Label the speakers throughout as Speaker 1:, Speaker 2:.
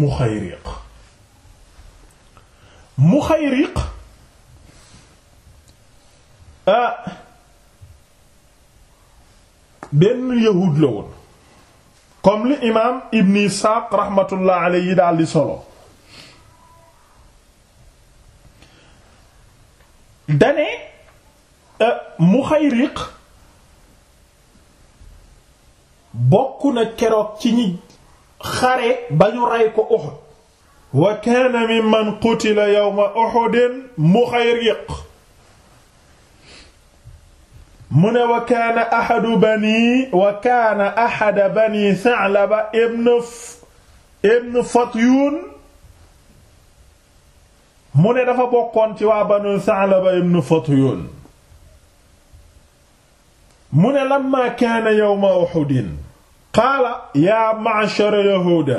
Speaker 1: muxayriq muxayriq ah, benn yahud la woon comme li imaam Ibn Isaaq rahmatullah alayhi daal di solo dane ah, muxayriq bokk na keroog ci ñi xare ba ñu rey ko Uhud wa kaana mimman qutila yawma Uhudin muxayriq mu ne wa kaana ahadu bani wa kaana ahada bani Sa'laba ibn ibn Fatyun mu ne dafa bokkoon ci waa banu Sa'laba ibn Fatyun mu ne lamma kaana yawma Uhudin qaala yaa ma'shara yahuuda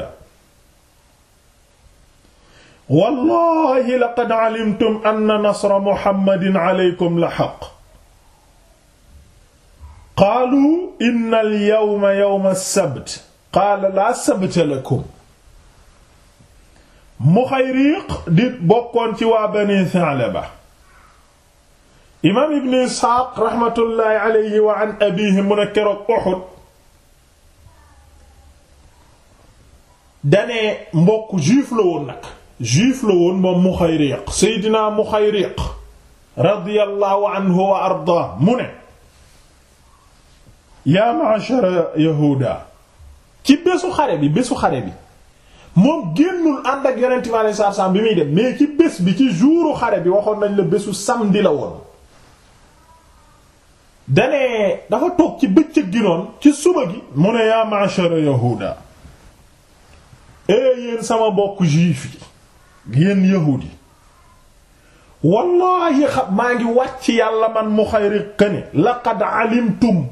Speaker 1: wallahi laqad alimtum anna nasra muhammadin alaykum la xaq qaalu inna alyawma yawma as-sabt qaala laa sabta lakum Muxayriq di bokkoon ci waa Bani Sa'laba imaam Ibn Isxaaq raxmatullaahi alayhi wa an abiihi mu ne keroog Uhud danee mbokk juif la woon nag juif la woon moom Muxayriq Seydina Muxayriq radiyallahu ardaa mu ne yaa ma'ashara yahuuda ci bésu xare bi bésu xare bi moom génnul ànd ak yonent bi bi muy dem mais ci bés bi ci jouru xare bi waxoon nañ la bésu samedi la woon danee dafa toog ci bëccëg gi noonu ci suba gi mu ne yaa ma'ashara yahuuda ee eh, yéen sama bokk juif yi yéen wallahi maa ngi wàcc yàlla man mu xayri këne laqad alimtum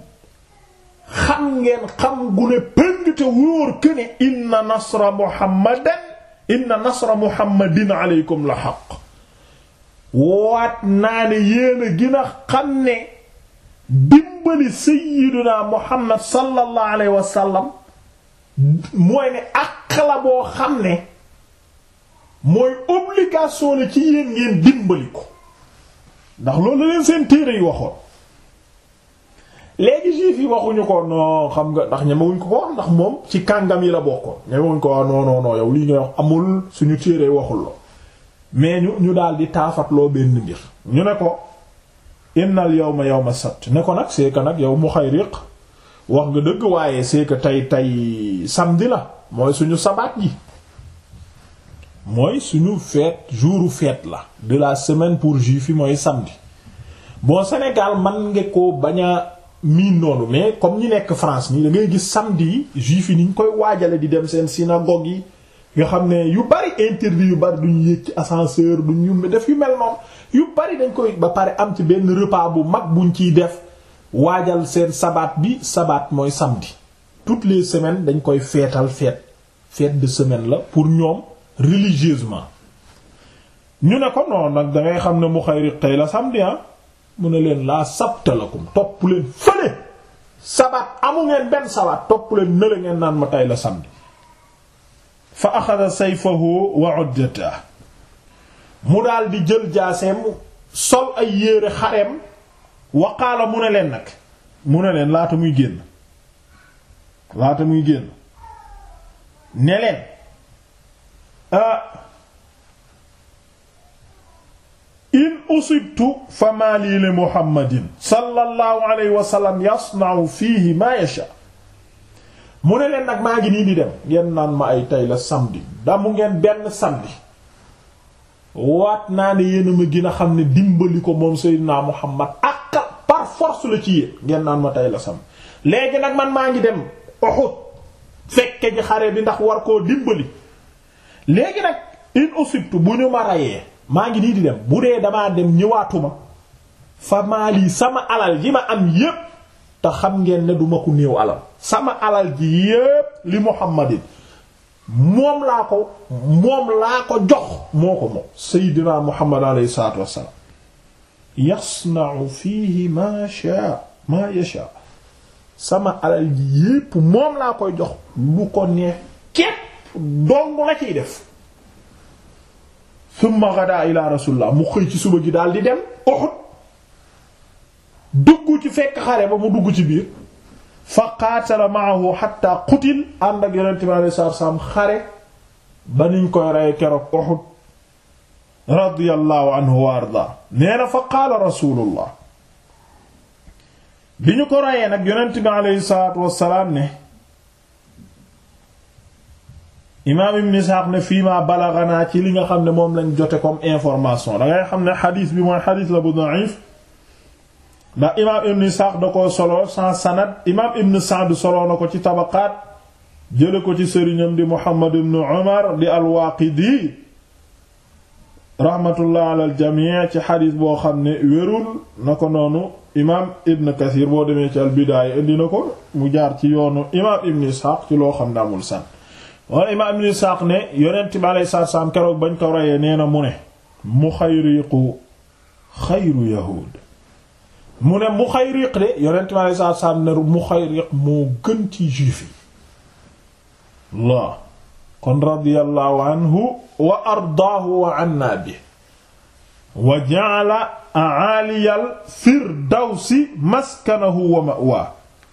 Speaker 1: xam ngeen xam gu ne pëng te wóor këne inna nasra muhammadan inna nasra muhammadin aleykum la xaq waat naa ne yéen a gën xam ne dimbali sayyiduna muhammad sallallahu alayhi wa mooy ne ak àq la boo xam ne mooy obligation la ci yéen ngeen dimbali ko ndax loolu leen seen téere yi waxoon léegi juif yi waxuñu ko non xam nga ndax ñemewuñ ko ko ndax moom ci kàngam yi la bokkoon ñemewuñ ko ah non non non yow lii nga wax amul suñu téere waxul la mais ñu ñu daal di taafatloo benn mbir ñu ne ko innal yawma yawma sabt ne ko nag c'est que nag yow mu Muxayriq wax nga dëgg waaye c'est que tey tey samedi la mooy suñu sabaat ji mooy suñu jour u fête la de la semaine pour juif yi mooy samedi boo Sénégal man nga ko bañ a miin noonu mais comme ñi nekk France nii da ngay gis samedi yi juif yi ni ñu koy waajale di dem seen synagogue yi nga xam ne yu bari interdit yu bari duñu yéeg ci ascenseur duñu def yu mel noonu yu bari dañ koy ba pare am ci benn repas bu mag buñ ciy def waajal seen sabaat bi sabaat mooy samedi toutes les semaines dañ koy feetal fête fête de semaine la pour ñoom religieusement ñu ne ko noonu nag dangay xam ne mu xayri tey la samedi ah. mu ne leen laa sabta lakum topp leen fële sabaat amu ngeen benn sabaat topp leen nële ngeen naan ma tayla la samedi fa axada sayfahu wa uddata mu daal di jël jaaseem sol ay yére xareem waqaala mu ne leen nag mu ne leen laata muy génn laata muy génn ne leen ah in usibtu fa maa muhammadin sallallahu alayhi wa sallam yasna'u fiihi maa mu ne leen nag maa ngi nii di dem ngeen naan ma ay tey la samedi damu ngeen benn samedi waat naa ne yéen ma gën a xam ne dimbali ko moom Seydina Muhammad masu ci ngeen naan ma la sam léegi nag man maa ngi dem Uhud fekke ji xare bi ndax war koo dimbali léegi nag in usibtu bu ñu ma rayee maa ngi nii di dem bu dee damaa dem ñëwaatu ma fa maali sama alal yi ma am yépp te xam ngeen ne duma ko néew alal sama alal ji yépp li muhammadin moom laa ko moom laa ko jox moo ko moom seydinaa muhammad alayhi salaatu wassalaam yasna'u fiihi ma sha ma yasha sama alal ji yépp moom laa koy jox lu ko neex képp dong la ciy def summa ghadaa ila rasulillah mu xëy ci suba ji daal di dem Uhud dugg ci fekk xare ba mu dugg ci biir fa qaatala maahu hatta qutil ànd ak yonente bi alayhi salaam xare ba niñ koy rey keroog Uhud radiyallahu anhu wa arda nee na fa qaala rasulullah bi ñu ko rayee nag yonent bi aleyhi salaatu wassalaam ne imaam ibn Isaaq ne fii ma balaganaa ci li nga xam ne moom lañ jote comme information dangay xam ne xadiis bi mooy xadiis la bu ndax imaam ibn Isaaq da koo solo sans sanad imaam ibn Sa'd solo na ko ci tabaqaat jële ko ci sëriñam di Muhammad ibn Umar di al rahmatullah ala aljamii ci xadis boo xam ne wérul na ko noonu imaam ibn kathir boo demee ci albidaaya indi na ko mu jaar ci yoonu imaam ibn isxaaq ci loo xam ne amul san wala imaam ibn isxaaq ne yonent bi alayhi salaatu salaam keroog bañ ko nee na mu ne muxayriqu xayru yahuud mu ne muxayriq de yonent bi alayhi salaatu salaam ne muxayriq moo gën ci juif yi kon radiyallahu anhu wa ardaahu wa anna bi wa ja'ala a'aliyal firdawsi maskanahu wa ma'waa